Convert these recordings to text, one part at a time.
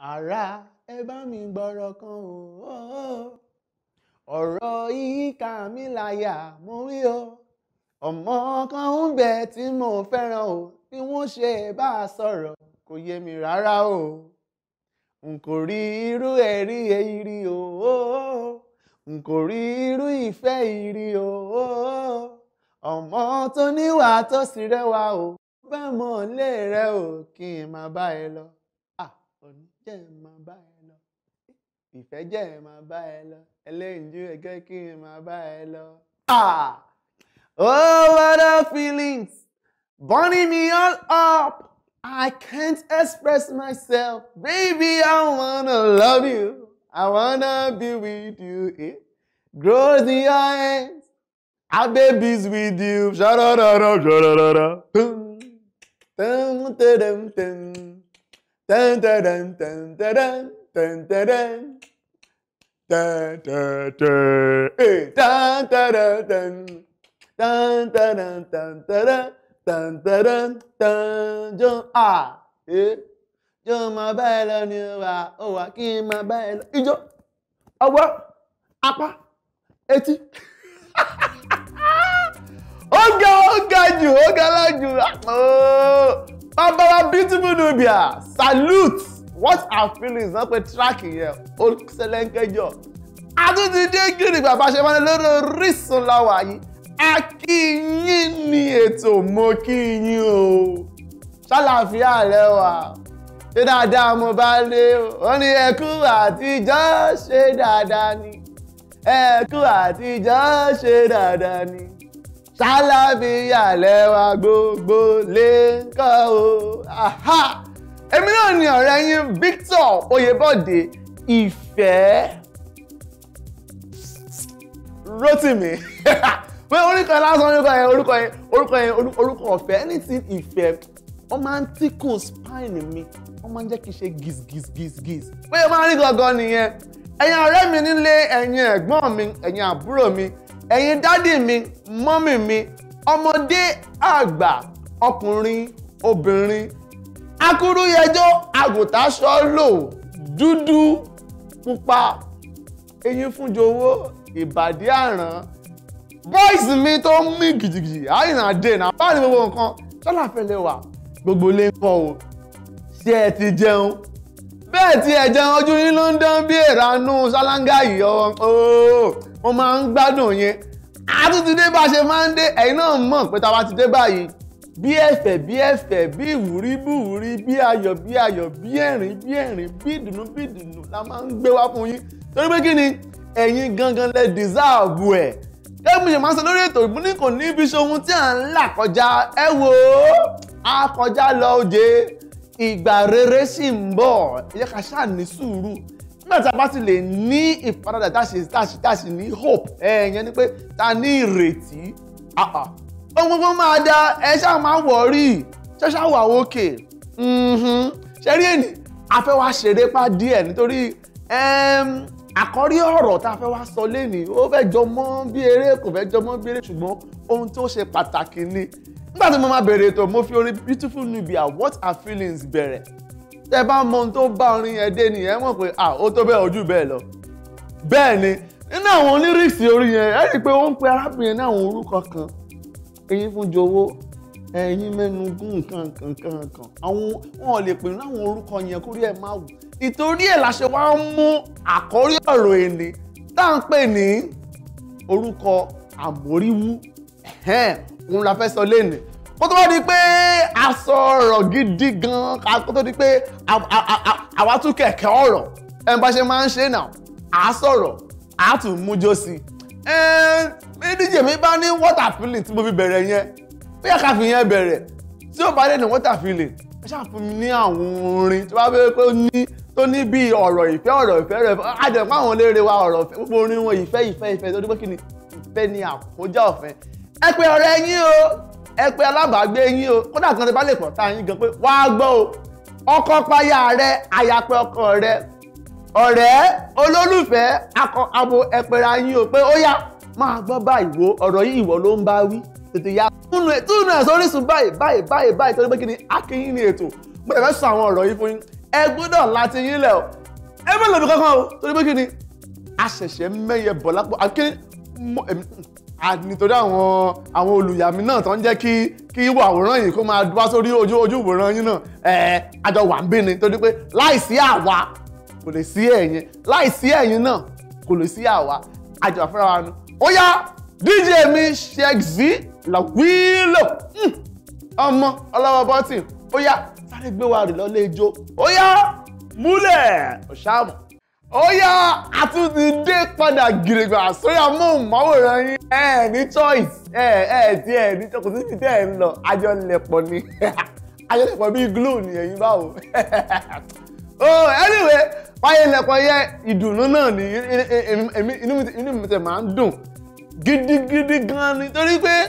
Ara ẹ bá mi gbọ́rọ̀ kan o ọ̀rọ̀ yìí ká mi láyà mo rí o ọmọ kan ń bẹ tí mo fẹ́ràn o bí wọ́n ṣe bá a sọ̀rọ̀ kò yé mi rárá o n kò rí irú ẹ̀rí èyí o n kò rí irú ìfẹ́ yìí o ọmọ tó níwà tó sì rẹwà o bá mọ̀ ọ́n rẹ o kí n máa bá ẹ lọ jẹ́ ẹ̀ máa bá ẹ lọ ìfẹ́ jẹ́ ẹ̀ máa bá ẹ lọ ẹlẹ́yinjú ẹgẹ́ kí n máa bá ẹ lọ. Ah! oh what feelings burning me all up I can't express myself baby I wanna love you I wanna be with you eh? grow the eyes I babies with you. Sha-da-da-da, sha-da-da-da. Dum, dum, dum, dum. Dun, dun, dun, dun, dun, dun, dun, dun. Dun, dun, dun. Hey, dun, dun, dun, dun. Dun, dun, dun, dun, dun, dun, dun, dun, dun. Jọ à, ẹ jọ máa báyìí lọ ni wà, ó wà kí n máa báyìí lọ. Ijó, ọwọ́, apá, etí. Ó ga, ó ga jù, ó ga lájù bàbá beautiful nubia salute what are feelings náà pé track yẹn ó ṣẹlẹ́ńkẹ́jọ àtúntì dé gírì bàbá ṣe máa ń lórí Orísun láwa yìí akínyìn ni ètò mo kíyìn o ṣàlàfíà rẹ wà ṣé dáadáa mo bá lé o ó ní ẹkú àtijọ́ ṣe dáadáa ni ẹkú àtijọ́ ṣe dáadáa ni sálábíyà lẹ́wà gbogbo lè kọ́ o aha èmi náà ni ọ̀rẹ́ yín Victor Oyèbọ̀dé ìfẹ́ Rótìmí pé orúkọ yẹn lásán orúkọ yẹn orúkọ yẹn orúkọ yẹn orúkọ ọ̀fẹ́ anything ìfẹ́ wọ́n máa spine mi wọ́n máa jẹ́ kí n ṣe giz giz giz giz pé o máa ń rí gangan nìyẹn ẹ̀yin ọ̀rẹ́ mi nílé ẹ̀yin ẹ̀gbọ́n mi ẹ̀yin àbúrò mi ẹ̀yin dádì mi mọ́mì mi ọmọdé àgbà ọkùnrin obìnrin akúrúyẹjọ àgùntà sọlò dúdú pupa eyín fúnjowó ìbàdí àràn bọ́ìsì mi tó ń mí gìjìgìjì àyìnà dé náà báyìí gbogbo nǹkan sọ́là fẹ́lẹ́ wà gbogbo lè ń kọ́ o ṣé ẹ ti jẹun bẹ́ẹ̀ tí ẹ̀jẹ̀ ojú yín ló ń dán bí ìranú ṣáláńgá yìí wọ́n máa ń gbádùn yẹn àtúntúndé bá ṣe máa ń dé ẹ̀yin náà mọ̀ pé tá a bá ti dé báyìí bí ẹ̀fẹ̀ bí ẹ̀fẹ̀ bí ìwúrí bí ìwúrí bí ayọ̀ bí ayọ̀ bí ẹ̀rín bí ẹ̀rín bí ìdùnnú bí ìdùnnú la máa ń gbé wá fún yín torí pé kí ni ẹ̀yin gangan lẹ dìsáàbù ẹ̀ gẹ́gẹ́ bí ṣe máa ń sọ lórí ètò ìbúni kò ní ibi ṣohun tí à ń là kọjá ẹ wò á kọjá lọ òde ìgbà rere sì ń bọ̀ ẹ jẹ́ ká ṣáà ní sùúrù nígbà tá a bá ti lè ní ìfaradà táṣe táṣe táṣe ní hope ẹ̀yẹn ni pé ta ní ìrètí ohun gbogbo máa da ẹ ṣáà máa wọ̀ọ́rì ṣẹ́ṣà wà òkè ṣẹ́rí ènì afẹ́ wa ṣeré pa díẹ̀ nítorí àkọ́rí ọ̀rọ̀ tá a fẹ́ wá sọ lẹ́nìí ó fẹ́ jọmọ́ bí eré kò fẹ́ jọmọ́ bí eré ṣùgbọ́n ohun tó ṣe pàtàkì ni nígbà tí mo máa bẹ̀rẹ̀ ètò mo fi orin beautiful nubia what are feelings bẹ̀rẹ̀ tẹ bá mọ ohun tó bá orin yẹn dé nìyẹn mọ̀ pé ah ó tó bẹ́ẹ̀ ojú bẹ́ẹ̀ lọ bẹ́ẹ̀ ni nínú àwọn onírìsì orin yẹn ẹ rí i pé ó ń pe arábìnrin ní àwọn orúkọ kan eyín fún jowó ẹyin mẹ́nugún nǹkan nǹkan nǹkan nǹkan àwọn wọn lè pè ní àwọn orúkọ yẹn kórí ẹ máa wù ìtorí ẹ̀ la ṣe wá ń mú àkórí ọ̀rọ̀ èlé tá à ń pè ní orúkọ àmóríwú ẹ̀hẹ́n òun la fẹ́ sọ lẹ́nu kó tó bá di pé a sọ ọ̀rọ̀ gidi gan kó tó di pé àwa tún kẹ̀kẹ́ ọ̀rọ̀ ẹ̀ bá ṣe máa ń ṣe náà à á sọ̀rọ̀ à á tún mújó sí i DJ mi bá ní water filling tí mo fi bẹ̀rẹ̀ yẹn bí ẹ̀ka fi yẹn bẹ̀rẹ̀ tí ó bá lè ní water filling ẹ ṣáà fún mi ní àwọn orin tí wọ́n bá fẹ́ pé ó ní tó ní bí ọ̀rọ̀ ìfẹ́ ọ̀rọ̀ ìfẹ́ rẹ̀ àjẹ̀pọ̀ àwọn eléré wa ọ̀rọ̀ ìfẹ́ gbogbo orin wọn ìfẹ́ ìfẹ́ ìfẹ́ tó dúpẹ́ kí ni ìfẹ́ ni àkójá ọ̀fẹ́ ẹ pé ọ̀rẹ́ yín o ẹ pé alábàágbé yín o kódà kan tẹ bá lè pọ̀ tá yín gan pé wàá gbọ́ o ọkọ payá rẹ àyàpẹ ọkọ rẹ ọ̀rẹ́ olólùfẹ́ akọ abo ẹpẹra yín o pé ó yá máa gbọ́ báyìí wo ọ̀rọ̀ yìí ìwọ ló ń bá wí tètè ya túnú ẹ̀ túnú ẹ̀ sórísun báyìí báyìí báyìí báyìí torí pé kí ni akínyìn ni ètò mo tẹ̀fẹ́ sọ àwọn ọ̀rọ̀ yìí fún yín ẹ gbọ́dọ̀ láti yín lẹ̀ o ẹ má lòdì kankan o torí pé kí ni àṣẹ̀ṣẹ̀ mẹ́yẹ bọ̀ lápò akínyìn nítorí àwọn àwọn olùyàmí náà tó ń jẹ́ kí kí ìwà àwòrán yìí kó máa wá sórí ojú ojú ìwòran yín náà ẹ̀ àjọ wà ń bí ni torí pé láìsí àwa kò lè sí ẹ̀yin láìsí ẹ̀yin náà kò lè sí àwa àjọ àfẹ́ra wa nu ó yá DJ mi Sheikh Z làwílò hmm. ọmọ ọlọ́wọ́ bọ́tì ó yá sáré gbé wa rè lọ́lé ijó ó yá múlẹ̀ ọ̀ṣàmù ó yá a tún ti dé padà gìrìgbà sórí amóhùnmáwòrán yín ẹ ní choice ẹ ẹ tí ẹ ní kò sí títẹ ẹ ń lọ ajọlẹpọ ni ajọlẹpọ bíi glue ni ẹ̀yin báwo oh anyway fàyẹlẹpọ yẹ ìdùnnú náà ni èmi inú mi tẹ máa ń dùn gidigidi gan ni torí pé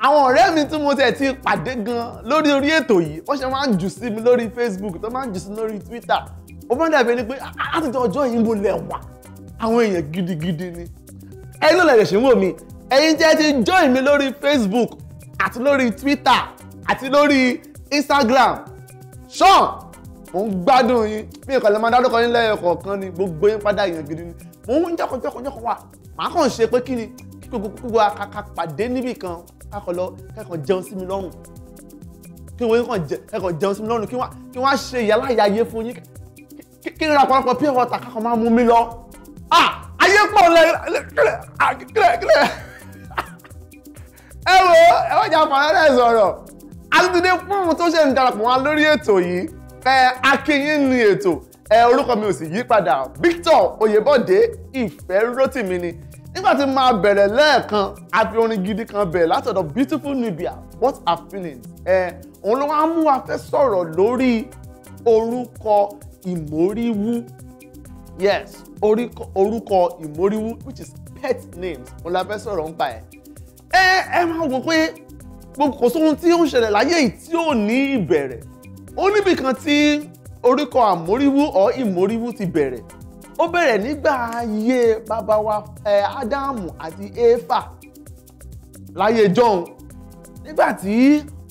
àwọn ọ̀rẹ́ mi tí mo tẹ̀ ti pàdé gan lórí orí ètò yìí wọ́n ṣe máa ń jù sí mi lórí Facebook tó máa ń jù sí mi lórí Twitter ó máa ń dàbí ẹni pé àtúntò ah, ah, ọjọ́ yìí ń bo lẹ́wà àwọn èèyàn gidigidi ni ẹni ló lẹ̀rẹ̀ ṣe ń wò mí ẹ̀yin jẹ́ ti join mi lórí Facebook àti lórí Twitter àti lórí Instagram sean mo ń gbádùn yín bí nǹkan lè máa dárúkọ yín lẹ́yọ̀ kọ̀ọ̀kan ni gbogbo yín padà èèyàn gidi ni mo ń jọ́kọ̀jọ́kọ̀jọ́kọ̀ wà màá kàn ṣe pé kí ni gbogbo akaka pàdé níbì kan kakọlọ kẹkọọ jẹun sí mi lọ́rùn kí wọ́n kàn jẹun sí mi lọ́rùn kí wọ́n á ṣe ìyá ayé fún yín kí ni ọ̀pọ̀lọpọ̀ pure water kakọ̀ máa mú mi lọ ah, ayé pọ̀ lẹ ah, kílẹ̀ kílẹ̀ ẹ wo ẹ wọ́n jà fàlẹ́rẹ́ sọ̀rọ̀ àtúntúndé fún àwọn tó ṣe ń darapọ̀ wá lórí ètò yìí ẹ akínyìn ni ètò ẹ orúkọ mi ò sì yí padà Victor Oyèbọ̀dé ìfẹ́ Rótìmí ni nígbà tí máa bẹ̀rẹ̀ lẹ́ẹ̀kan a fi orin gidi kan bẹ̀rẹ̀ látọ̀dọ̀ beautiful Nubia what are feelings ẹ òun ló wá mú wa fẹ́ sọ̀rọ̀ lórí orúkọ ìmóríwú yes orúkọ ìmóríwú which is pet names òun la fẹ́ sọ̀rọ̀ ń pa ẹ̀. ẹ ẹ máa wò pé kò sóhun tí ó ń ṣẹlẹ̀ láyé yìí tí ò ní ìbẹ̀rẹ̀ ó níbì tí orúkọ àmóríwú or ìmóríwú ti bẹ̀rẹ̀ ó bẹ̀rẹ̀ nígbà ayé babawa. wa ẹ ádámù àti éfà láyé jọ̀hún nígbà tí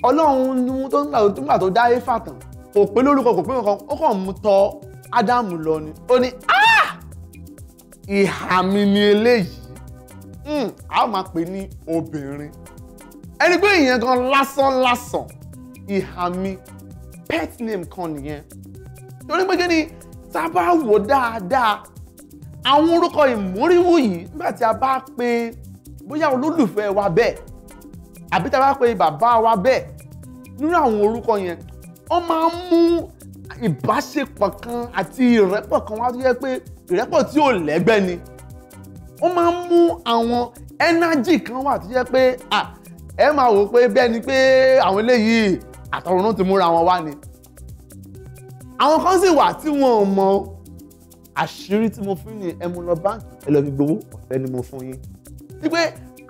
ọlọ́run tó ń gbà tó dá éfà tán kò pé lórúkọ kò pé nǹkan ó kàn mú tọ ádámù lọ ni ó ní ah! ìhà mi ni eléyìí hmm, a ó máa pè ní obìnrin ẹni pé ìyẹn gan lásán lásán ìhà mi pet name kan nìyẹn torí pé kí ni tá a bá wò dáadáa àwọn orúkọ ìmúríwú yìí nígbà tí a bá pe bóyá olólùfẹ́ wa bẹ́ẹ̀ àbí tá a bá pe bàbá wa bẹ́ẹ̀ nínú àwọn orúkọ yẹn wọ́n máa ń mú ìbáṣepọ̀ kan àti ìrẹ́pọ̀ kan wá tó yẹ pé ìrẹ́pọ̀ tí ò lẹ́gbẹ́ ni wọ́n máa ń mú àwọn ẹ́nájì kan wà tó yẹ pé ẹ máa wò pé bẹ́ẹ̀ ni pé àwọn eléyìí àtọ̀run ti múra wọn wá ni àwọn kan sì wà tí wọn ò mọ àṣírí tí mo fún ni ẹ mú lọ báńkì ẹ lọ fi gbowó ọ̀fẹ́ ni mo fún yín wípé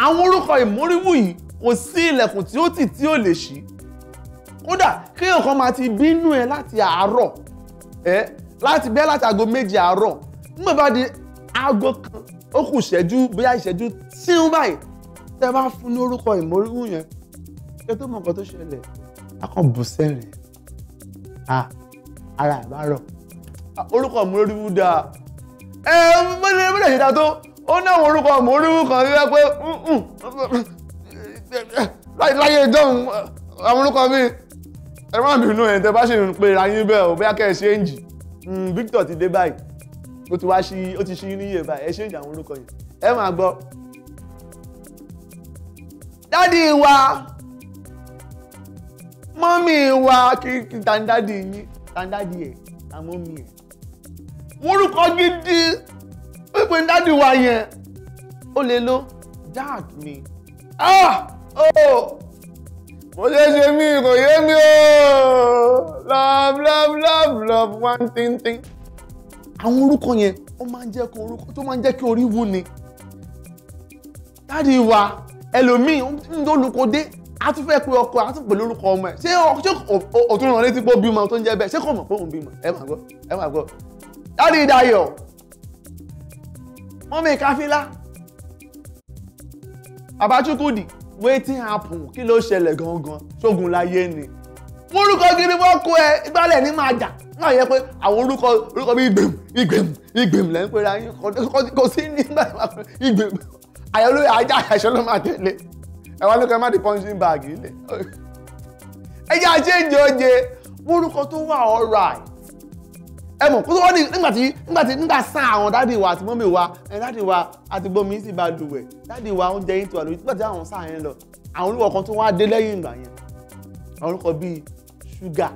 àwọn orúkọ ìmóríwú yìí kò sí ilẹ̀kùn tí ó tì tí ò lè ṣí kódà kéèyàn kan máa ti bínú ẹ láti àárọ̀ ẹ láti bẹ́ẹ̀ láti aago méje àárọ̀ nígbà bá di aago kan ó kù ìṣẹ́jú bóyá ìṣẹ́jú tíún báyìí tẹ́ bá fún ní orúkọ ìmọ̀rúwú yẹn kí ẹ tó mọ nǹkan tó ṣẹlẹ̀ akọ bù sẹ́rìn ara ẹ̀ bá rọ̀ orúkọ ìmọ̀rúwú dáa ẹ bọ́dẹ̀ bọ́dẹ̀ ṣe dáa tó ó ní àwọn orúkọ ìmọ̀rúwú kan wíwá pé láyé ìjọ́hún àwọn orúkọ bíi ẹ má bínú ẹ̀ tẹ bá ṣe ń pera yín bẹ́ẹ̀ o bóyá kẹ́ ẹ ṣéǹjì hmm, Victor ti dé báyìí ó ti wá sí ó ti ṣí níyè báyìí ẹ ṣéǹjì àwọn orúkọ yẹn ẹ máa gbọ́. dádì wa mọ́mì wa kí tàǹdádì yín tàǹdádì ẹ̀ àmọ́mì ẹ̀ orúkọ gidi pípé dádì wa yẹn ó lè lo dad mi ah oh bó ṣe ṣe mí kò yé mi o love love love love one thing thing. àwọn orúkọ yẹn ó máa ń jẹ́ kó orúkọ tó máa ń jẹ́ kí orí wú ni. dáàdi wa ẹlòmíì ń dólùkọ dé a tún fẹ́ pe ọkọ a tún pè lórúkọ ọmọ ẹ̀ ṣé ṣé òtún rán létí pé ó bímọ tó ń jẹ́ bẹ́ẹ̀ ṣé kò mọ̀ pé òun bímọ ẹ máa gbọ́ ẹ máa gbọ́. dáàdi Dayọ̀ mọ́mí Káfílá Àbáchúkúdì wetin happen kí ló ṣẹlẹ̀ gangan ṣógun láyé ni mo orúkọ gidi wọ́n kó ẹ ìgbálẹ̀ ní máa jà náà yẹ pé àwọn orúkọ orúkọ bíi ìgbèm ìgbèm ìgbèm lẹ́ ń pera yín kò sí ní ìgbèm àyọ̀lóye ajá àṣọ ló máa tẹ̀lé ẹ̀wọ́n ló kẹ́ má di punching bag ilẹ̀ ẹ̀jẹ̀ àṣẹ́jì oje orúkọ tó wà right ẹ mọ̀ kó tó wọ́n ní nígbà tí nígbà tí nígbà sá àwọn dáàdì wa àti mọ́mì wa ẹ dáàdì wa àti gbọ́mi sì bá lùwẹ̀ dáàdì wa oúnjẹ yín ti wà lórí nígbà tí àwọn sá yẹn lọ àwọn olùkọ́ kan tó wá dé lẹ́yìn ìgbà yẹn àwọn olùkọ́ bíi ṣúgà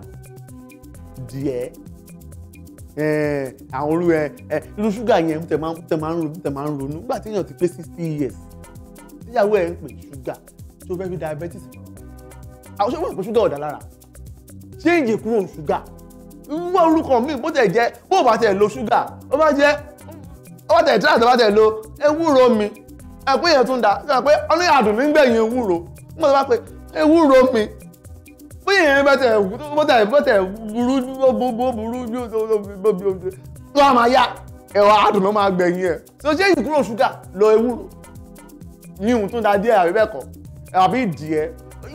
díẹ̀ àwọn olú ẹ irú ṣúgà yẹn tẹ máa tẹ máa ń ronú tẹ máa ń ronú nígbà tí èèyàn ti pé sixty years tíyàwó ẹ ń pè ṣúgà tó fẹ́ fi diabetes àwọn ṣé wọ́n pè ṣúgà ọ̀dà lára ṣé ìjì kúrò wá orúkọ míì bó tẹ̀ jẹ́ bó bá tẹ̀ lo ṣúgà ó bá jẹ́ ó bá tẹ̀ tíra tó bá tẹ̀ lo ewúro mi ẹ̀pẹ́ yẹn tún da ṣe pé ọ́nà àdùn mi ń gbẹ̀yìn ewúro mo tọ́ bá pé ewúro mi bí yẹn bá tẹ̀ bó tẹ̀ bó tẹ̀ burú bó burú bí ó tó a máa yá ẹ̀wà àdùn ló máa gbẹ̀yìn ẹ̀ tó ṣe ìkúrò ṣúgà lo ewúro ní ohun tó da díẹ̀ àbí bẹ́ẹ̀ kọ́ àbí ìdìẹ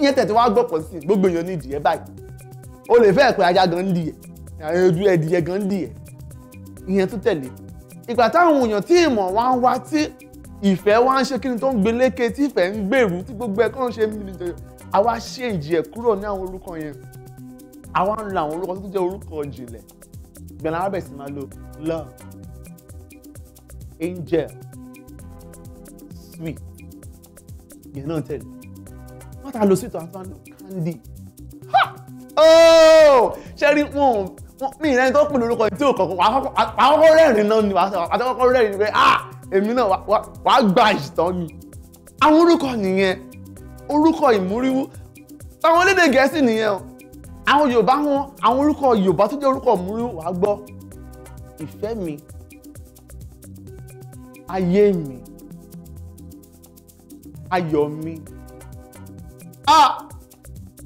ìyẹn tẹ̀ tí wọ́n á gbọ́ pọ̀ sí gbogbo èèyàn ní ìdìẹ báyìí o lè ẹ̀dù ẹ̀dìyẹ gan dì ẹ̀ ìyẹn tó tẹ̀lé ìgbà táwọn èèyàn tí ìmọ̀ wá ń wá tí ìfẹ́ wá ń ṣe kí ni tó ń gbélékè tí ìfẹ́ ń gbèrú tí gbogbo ẹ̀ kàn ṣe ń bìbì jọyọ̀ àwa ṣe ìjì ẹ̀ kúrò ní àwọn orúkọ yẹn àwa ń lo àwọn orúkọ tó jẹ́ orúkọ ìjìnlẹ̀ gbẹ̀lá abẹ́ sì máa lo love angel sweet yẹn náà tẹ̀lé wọ́n ta lo sweet àti candy ha oh ṣẹ́rí wọn mi ìrẹ́ni tó pè lórúkọ tí ò kọ̀ọ̀kan wà á kọ́kọ́ rẹ́rìn náà ni wà á kọ́kọ́ rẹ́rìn ni pé ah èmi náà wà á gba ìtàn ni. àwọn orúkọ nìyẹn orúkọ ìmúríwú táwọn olédè gẹ̀ẹ́sì nìyẹn o àwọn yorùbá wọn àwọn orúkọ yorùbá tó jẹ́ orúkọ ìmúríwú wà á gbọ́ ìfẹ́ mi ayé mi ayọ̀ mi ah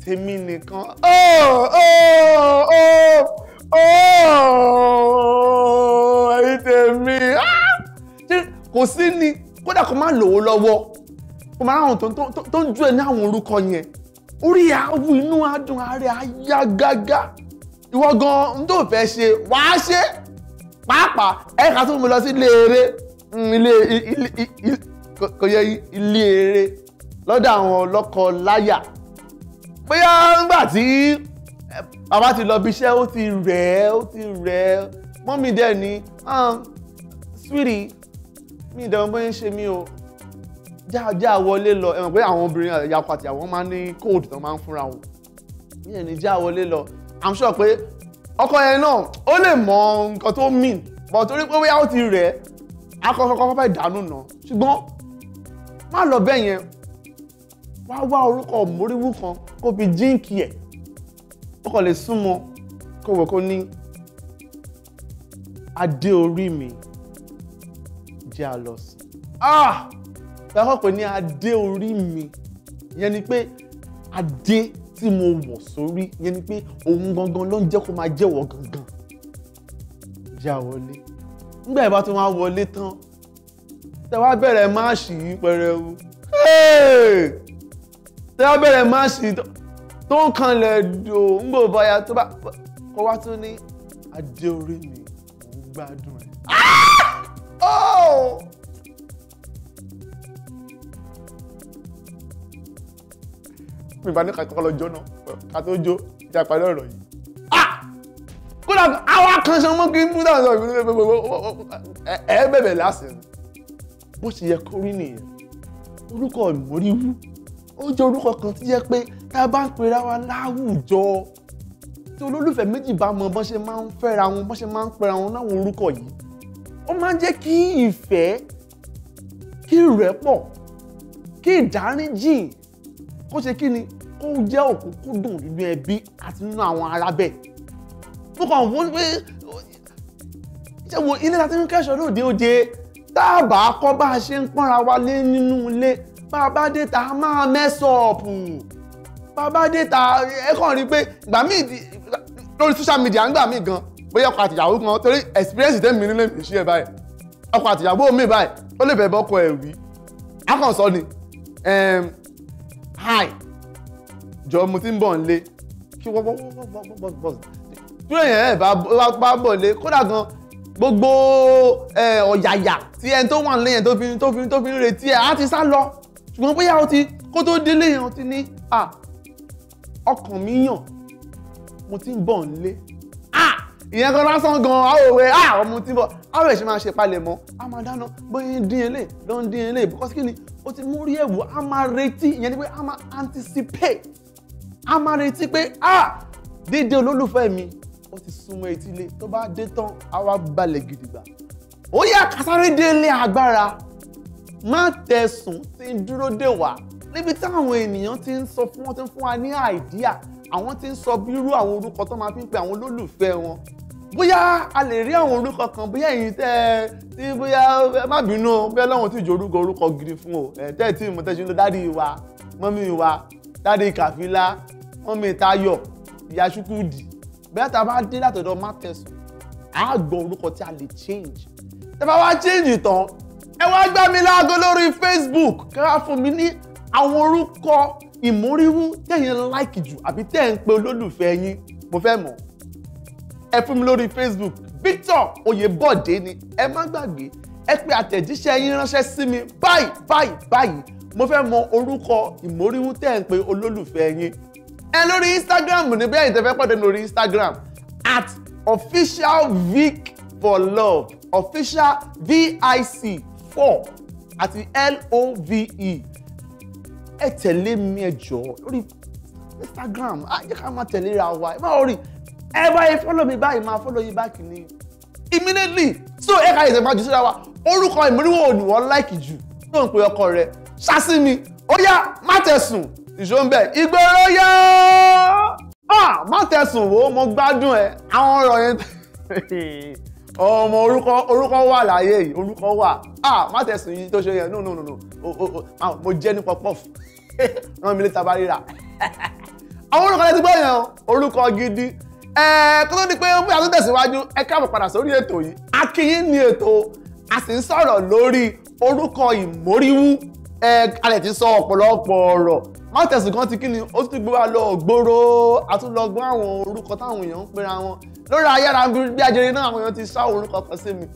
tèmi nìkan oh oh oh ẹ̀yin oh, tèmi ah! kò sí ni kódà kó má lòó lọ́wọ́ kó má ráhùn tó ń ju ẹ ní àwọn orúkọ yẹn orí àwù inú adùn ààrẹ ayá gágá ìwọ gan-an tó fẹ́ ṣe wàá ṣe pàápàá ẹ̀ka tó mú lọ sí ilé eré hmm, ilé kò yẹ ilé eré lọ́dọ̀ àwọn ọlọ́kọ láyà bóyá ńgbà tí bàbá ti lọ bí iṣẹ́ ó ti rẹ̀ ẹ́ ó ti rẹ̀ ẹ́ mọ́mí dẹ̀ ni ah, sweety mi ìdẹ̀wọ̀n bóyá ń ṣe mí o jáàjá wọlé lọ ẹ mọ̀ pé àwọn obìnrin àyàkọ àti àwọn máa ń ní cold. tó máa ń fúnra wọn mi ẹ̀ ní já wọlé lọ i'm sure pé ọkọ yẹn náà ó lè mọ nǹkan tó mean but torí pé bóyá ó ti rẹ̀ ẹ́ akọ́kọ́kọ́ bá ìdánù nà ṣùgbọ́n má lọ bẹ́ẹ̀ yẹn wá wá orúkọ móríwú kan kó fi jíǹkì ẹ̀ ó kàn lè súnmọ́ kó wọ kó ní adé orí mi jẹ́ àlọ́ ah gbàgbọ́ pé ní adé orí mi yẹn ni pé adé tí mo wọ̀ sórí yẹn ni pé òun gangan ló ń jẹ́ kó máa jẹ́wọ́ gangan já wọlé nígbà yẹn bá tún wá wọlé tán tẹ wá bẹ̀rẹ̀ máàṣì yìí pẹrẹwu tẹ wá bẹ̀rẹ̀ máàṣì yìí tán tó ń kanlẹ̀ dò ń gbò bọ́yá tó bá kó wá tún ní adé orí mi kò ń gbádùn rẹ̀. Ah! Oh! mi bá ní kàtọ́kọ́ lọ́jọ́ náà kàtó jó ìjà parí ọ̀rọ̀ yìí ah! kódà àwa kan ṣe mọ́ kí n búdà sọ ẹ bẹ̀bẹ̀ lásìkò bó ṣe yẹ kó rí nìyẹn orúkọ ìmọ̀ríwú ó jẹ́ orúkọ kan tí jẹ́ pé tá a bá ń pera wa láwùjọ tí olólùfẹ́ méjì bá mọ bọ́n ṣe máa ń fẹ́ra wọn bọ́n ṣe máa ń pera wọn láwọn orúkọ yìí ó máa ń jẹ́ kí ìfẹ́ kí ìrẹ́pọ̀ kí ìdáríjì kó ṣe kí ni kó jẹ́ òkúnkúndùn nínú ẹbí àti nínú àwọn arábẹ̀ mo kàn wọ́n pé ṣé wo ilé láti ń kẹ́sọ̀ lóde òde tá a bá kọ́ bá a ṣe ń pọ́nra wa lé nínú ilé bá a bá dé ta a máa mẹ́sọ̀ọ̀pù bàbá déta ẹ kàn rí i pé ìgbà míì lórí social media ńgbà míì gan bóyá ọkọ àtìyàwó kan torí experience tẹ́mi nílé mi ṣe báyìí ọkọ àtìyàwó mi báyìí ó lè bẹ̀rẹ̀ bọ́kọ ẹ̀ wí akọ̀sọ ni hi jọ mo ti ń bọ̀ nílé kí wọ́n bọ́ bọ́ bọ́ bọ́ bọ́ tí èèyàn ẹ̀ bá bọ̀ lé kódà gan gbogbo ọ̀yàyà tí ẹni tó wà nílé yẹn tó fi tó fi tó fi ń retí ẹ̀ á ti sá lọ ṣùgbọ́n bóyá o ti kó tó délé yẹn o ti ní ọkàn mi yàn mo ti ń bọ̀ nílé ìyẹn kan lásán gan àwòrán ah ọmọ tí ń bọ̀ àwọn èèyàn ṣe máa ṣe palẹ̀mọ́ a máa dáná bóyá dín eléyìí ló ń dín eléyìí because kí ni ó ti mú rí ẹ̀wò a máa retí ìyẹn ni pé a máa anticipate a máa retí pé ah dédé olólùfẹ́ mi ó ti súnmọ́ etílé tó bá dé tán a wá balẹ̀ gidigba ó yá kásáré délé agbára má tẹ̀sùn tí ń dúró dè wá níbi táwọn ènìyàn ti ń sọ fún wọn ti ń fún wa ní àìdíà àwọn ti ń sọ bírú àwọn orúkọ tó máa fi ń pe àwọn olólùfẹ́ wọn bóyá a lè rí àwọn orúkọ kan bóyá èyí tẹ ẹ tí bóyá ẹ má bínú o bóyá lọ́wọ́n tí ìjọ orúkọ orúkọ gidi fún o ẹ tẹ́ ẹ tí mo tẹ́ ṣe ń lọ dáàdi wa mọ́mí wa dáàdi kàfílà mọ́mí tayọ̀ ìyá ṣúkúdì bóyá tá a bá dé látọ̀dọ̀ mátẹ̀sùn á gbọ́ orúkọ tí a lè change tẹ́ bá wá change tán ẹ wá gbá mi láago lórí Facebook kẹ́ wá fún mi ní àwọn orúkọ ìmúrírú tẹ̀yìn láìkì jù àbí tẹ̀ ń pe olólùfẹ́ yín mo fẹ́ mọ̀ ẹ fún mi lórí Facebook Victor Oyèbọ̀dé ni ẹ má gbàgbé ẹ pé àtẹ̀jíṣẹ́ yín ránṣẹ́ sí mi báyìí báyìí báyìí mo fẹ́ mọ orúkọ ìmóríwú tẹ̀ ń pe olólùfẹ́ yín ẹ lórí Instagram ní bẹ́ẹ̀ ìtẹ́fẹ́ pàdé lórí Instagram at officialvic for love official vic four àti love ẹ tẹ̀lé mi ẹ jọ̀ọ́ lórí Instagram á ah, jẹ́ ká máa tẹ̀lé ra wa ẹ má wọrí ẹ báyìí fọ́lọ̀ mi báyìí máa fọ́lọ̀ yìí báàkì ni immediately so ẹ ká ìṣẹ̀fà jù síra wa orúkọ ìmúríwò òníwọ̀ láìkì jù tó ń pe ọkọ rẹ ṣáṣí mi ó yá má tẹ̀sùn ìṣòǹbẹ ìgboro yá ah, má tẹ̀sùn wo mo gbádùn ẹ àwọn ọ̀rọ̀ yẹn. ọmọ orúkọ orúkọ wà láyé yìí orúkọ wà ah má tẹ̀sùn yìí tó ṣe yẹn no no no no mo jẹ́ ní pọpọ́f ràn mí létí abá ríra àwọn orúkọ lẹ́tí gbọ́ yẹn orúkọ gidi kó tó di pé bí a tó tẹ̀síwájú ẹ káàbọ̀ padà sórí ètò yìí akínyìn ní ètò a sì ń sọ̀rọ̀ lórí orúkọ ìmóríwú a lè ti sọ ọ̀pọ̀lọpọ̀ ọ̀rọ̀ má tẹ̀sùn kan ti kí ni ó tún gbé wa lọ gbòòrò àtúnlọgbọ́n àwọn orúkọ táwọn èèyàn ń pera wọn lórí ayára bí ajere náà àwọn èèyàn ti sá orúkọ kan sí mi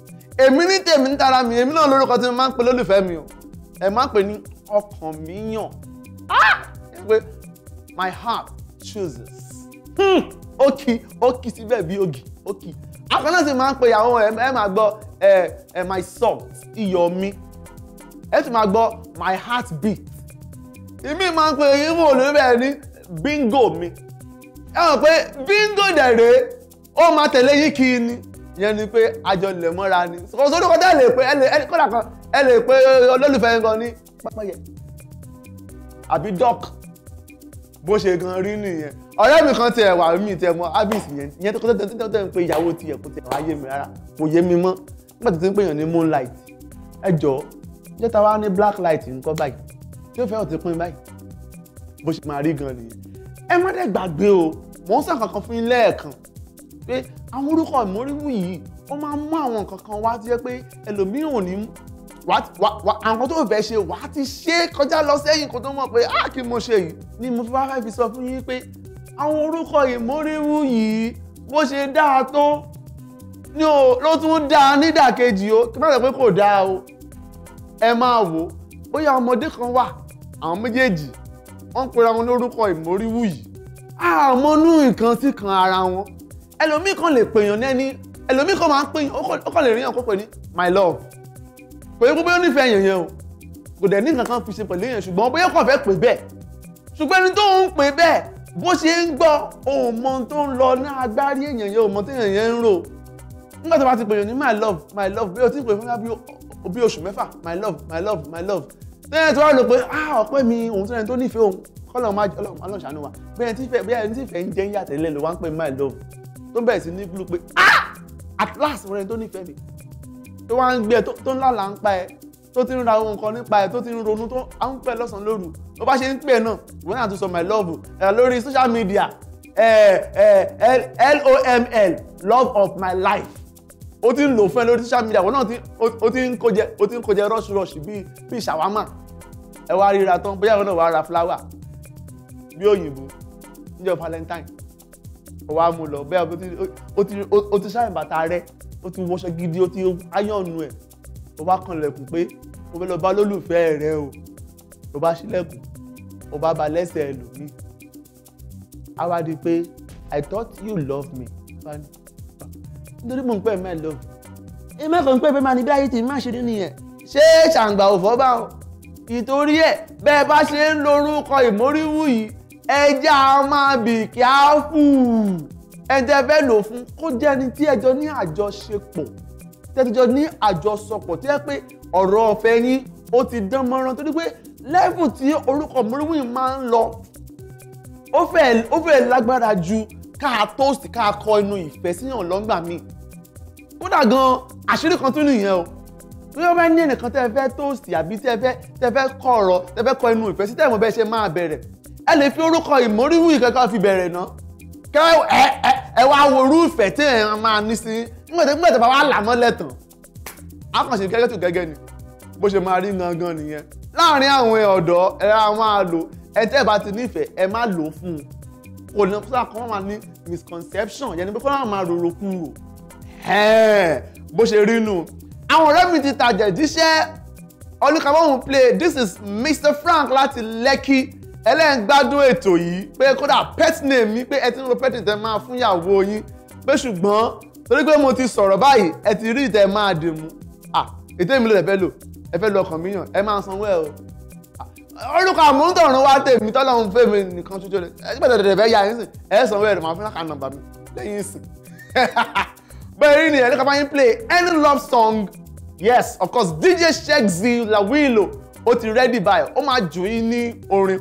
èmi ní tèmi ń tara mi èmi náà lórúkọ tí mo máa ń pe lólùfẹ́ mi o ẹ máa ń pè ní ọkàn mi yàn ah! pé my heart chooses hmm, ó kì ó kì síbẹ̀ bí ògì ó kì akọ náà sì máa ń pe ìyàwó ẹ máa gbọ́ ẹ ẹ my salt iyọ̀ mi ẹ sì máa gbọ́ my heart beat ìmí máa ń pe ìmú olùbẹ̀ ní bingo mi ẹ mọ̀ pé bingo dẹ̀ rèé ó máa tẹ̀lé yín kí ni yẹn ni pé àjọ lè mọ́ra ni sọ́dọ̀ kọ́tà lè pé kọ́dà kan ẹ lè pé olólùfẹ́ yẹn kan ní pápáyẹ àbí doc bó ṣe gan rí nìyẹn ọ̀rẹ́ mi kan tiẹ̀ wà mí tiẹ̀ mọ abis yẹn yẹn tó kọ́tà tó tẹ̀ ń pe ìyàwó tiẹ̀ kó tiẹ̀ wáyé mi rárá kò yé mi mọ́ nígbà tó ti ń pè yàn ní moonlight ẹ jọ̀ọ́ jẹ́ ta wá ní black light nǹkan báyìí tí ó fẹ́ ọ̀tí pín báyìí bó ṣe máa rí gan nìyẹn ẹ má dẹ̀ gbàgbé o mò ń sàn kankan fún yín lẹ́ẹ̀kan pé àwọn orúkọ ìmọ̀rìwú yìí wọ́n máa ń mú àwọn nǹkan kan wá tó yẹ pé ẹlòmíràn ò ní àwọn tó fẹ́ ṣe wàá ti ṣe kọjá lọ sẹ́yìn kó tó mọ̀ pé á ah, kí mo ṣe yìí ni mo fẹ́ fẹ́ fi sọ fún yín pé àwọn orúkọ ìmọ̀rìwú yìí bó ṣe dáa tó ni o ló tún dáa nídàkejì o kí n bá sọ pé kò dáa o ẹ máa wò bóyá ọmọdé kan wà àwọn méjèèjì wọ́n ń pera wọn lórúkọ ìmọ̀rìwú yìí àmọ́nú nǹkan sí kan ara wọn ẹlòmíì kan lè pèèyàn ní ẹni ẹlòmíì kan máa ń pèèyàn ó kàn lè ríyàn kó pè ní my love kò yẹ kó bóyá nífẹ̀ẹ́ èèyàn yẹn o kò dẹ̀ ní nǹkan kan fi ṣe pẹ̀lú èèyàn ṣùgbọ́n bóyá kàn fẹ́ pè bẹ́ẹ̀ ṣùgbọ́n ẹni tó ń pè bẹ́ẹ̀ bó ṣe ń gbọ́ òun mọ tó ń lọ ní agbárí èèyàn yẹn òun mọ téèyàn yẹn ń rò nígbà tó bá ti pèèyàn ní my love my love bí o ti pè fún bí oṣù mẹ́fà my love my love my love tẹ́lẹ̀ tó wá lò pé ah ọ̀pẹ́ mi òun tẹ́lẹ̀ tó nífẹ̀ẹ́ òun kọ́lọ̀ máa ọlọ́run ṣàánú wa bẹ́ẹ̀ ti tífẹ̀ẹ́ ń jẹ́ ń yàtẹ̀lẹ́ ló wá ń pè my love tó bẹ̀rẹ̀ sí ní gúlù pé ah! at last ọ̀rẹ́ tó nífẹ̀ẹ́ mi tó wá ń gbé ẹ tó ń lálàá ń pa ẹ tó ti ń ra ohun kan nípa ẹ tó ti ń ronú tó à ń pẹ́ lọ́sàn-án lóru ló bá ṣe ń pè náà ìwé náà tún sọ my love ẹ eh, lórí social media ẹ ẹ LOML love of my life ó ti ń lò fún ẹ lórí social media ìwé náà ó ti ń kojẹ ó ti ń kojẹ rush rush bíi bíi ṣàwámà ẹ wá ríra tán bóyá ìwé náà wàá ra flower bí òyìnbó níjọ́ valentine ó wá lọ bẹ́ẹ̀ ó ti ṣáà bàtà rẹ ó ti wọṣọ gidi ó ti áyọ̀nù ẹ̀ ó bá kanlẹ̀kùn pé ó fẹ́ lọ bá lólùfẹ́ rẹ o ló bá ṣílẹ̀kùn ó bá ba lẹ́sẹ̀ ẹlòmíì á wá di pé I thought you love me nítorí mò ń pè mẹ́ love ìmọ̀ kan pé pé máa ní bí ayé ti máa ṣe nínú ṣé ṣàǹgbà òfò bá wọn ìtorí ẹ̀ bẹ́ẹ̀ bá ṣe ń lo orúkọ ìmóríwú yìí ẹja a máa bì kí á fù ẹjẹ fẹ́ lò fún kó jẹ́ ẹni tí ẹjọ́ ní àjọṣepọ̀ tẹ́tíjọ́ ní àjọṣọpọ̀ tí ẹ pé ọ̀rọ̀ ọ̀fẹ́ yín ó ti dán mọ́rán torí pé lẹ́fù tí orúkọ mọ́rúwìn máa ń lọ ó fẹ́ lágbára ju ká toast ká kọ inú ìfẹ́ síyàn lọ́ngbà mi. kódà gan àṣírí kan tún nìyẹn o bí wọ́n bá ní ẹnìkan tẹ́ fẹ́ toast àbí tẹ́ fẹ́ kọ̀ ọ̀rọ̀ tẹ́ fẹ́ kọ inú ìfẹ́ sí tẹ́ mọ̀ bẹ́ẹ̀ ṣe máa bẹ̀rẹ̀ ẹ lè fi orúkọ ìmóríwú ìkẹ́kọ̀ọ́ fi bẹ̀rẹ̀ ná kẹ́ ẹ ẹ ẹ wá wo irúfẹ́ tí ẹ máa ní sí nígbàtí bá wà lámọ́ lẹ́tàn á kàn ṣe gẹ́gẹ́ tó gẹ́gẹ́ ni bó ṣe máa rí gangan nìyẹn láàárín àwọn ọ̀dọ́ ẹ máa lò ẹ tẹ́ ẹ bá ti nífẹ̀ẹ́ ẹ má lò ó fún un kò ní kó kó máa ní misconception yẹn ni pé kó máa rorò kúrò bó ṣe rí nù àwọn ọ̀rẹ́ mi ti tàjẹ̀ jíṣẹ́ olùkàwọ́hún play this is Mr Frank láti Lekki ẹlẹ́ǹgbádùn ètò yìí pé kódà pet name mi pé ẹ ti ń lo pet name tẹ máa fún ìyàwó yín pé ṣùgbọ́n torí pé mo ti sọ̀rọ̀ báyìí ẹ ti rí ìtẹ máa dì mú ètò èmi ló lè fẹ́ lò ẹ fẹ́ lọ ọkàn mi yàn ẹ máa sanwó ẹ o orúkọ àmúntọ̀run wa tèmi tọ́lọ́run fẹ́ mi nìkan ṣoṣo rẹ̀ ẹ gbọ́dọ̀ tẹ̀tẹ̀ fẹ́ ya yín sìn ẹ sanwó ẹ rẹ̀ máa fún láka nọ́mbà mi lẹ́yìn sìn bẹ́ẹ̀ rí nìyẹn nípa play any love song yes of course DJ Sheikz Lawilo ó ti ready by ó máa jù yín ní orin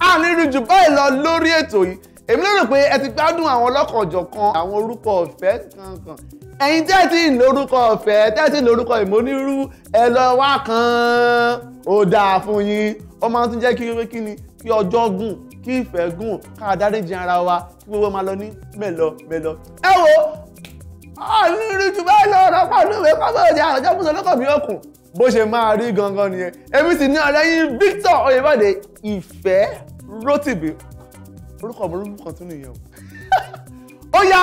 a ní rí jù báyìí lọ lórí ètò yìí èmi lérò pé ẹ ti gbádùn àwọn ọlọ́kọ̀ọ̀jọ̀kan àwọn orúkọ ọ̀fẹ́ kankan ẹ̀yin tẹ́ ti ń lórúkọ ọ̀fẹ́ tẹ́ ti ń lórúkọ ìmọ̀nírú ẹ lọ wá kan ó dáa fún yín ó máa tún jẹ́ kí wípé kí ni kí ọjọ́ gùn kí ìfẹ́ gùn ká dáríjì ara wa kí gbogbo máa lọ ní mẹ́lọ mẹ́lọ. ẹ wo ọ̀nìrì jù báyìí lọ ọ̀rọ̀ pàdé ìwé pápá òde àròjọ bó ṣe máa rí gangan nìyẹn èmi sì ní ọ̀rẹ́ yín Victor Oyèbọ̀dé ìfẹ́ Rótìbí orúkọ mi orúkọ tún nìyẹn o ó yá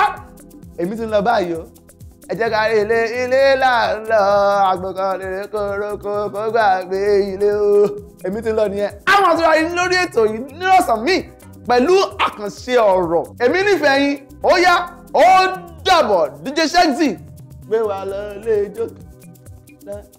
èmi ti ń lọ báyìí o ẹ jẹ́ ká rí ilé ilé là ń lọ àgbẹ̀kan lèrè koroko kó gbàgbé ilé o èmi ti ń lọ nìyẹn àwọn àti ráyìn lórí ètò yìí nírọ̀sán míì pẹ̀lú àkànṣe ọ̀rọ̀ èmi nífẹ̀ẹ́ yín ó yá ó dàbọ̀ DJ Shexy gbé wa lọ ilé ìjókòó.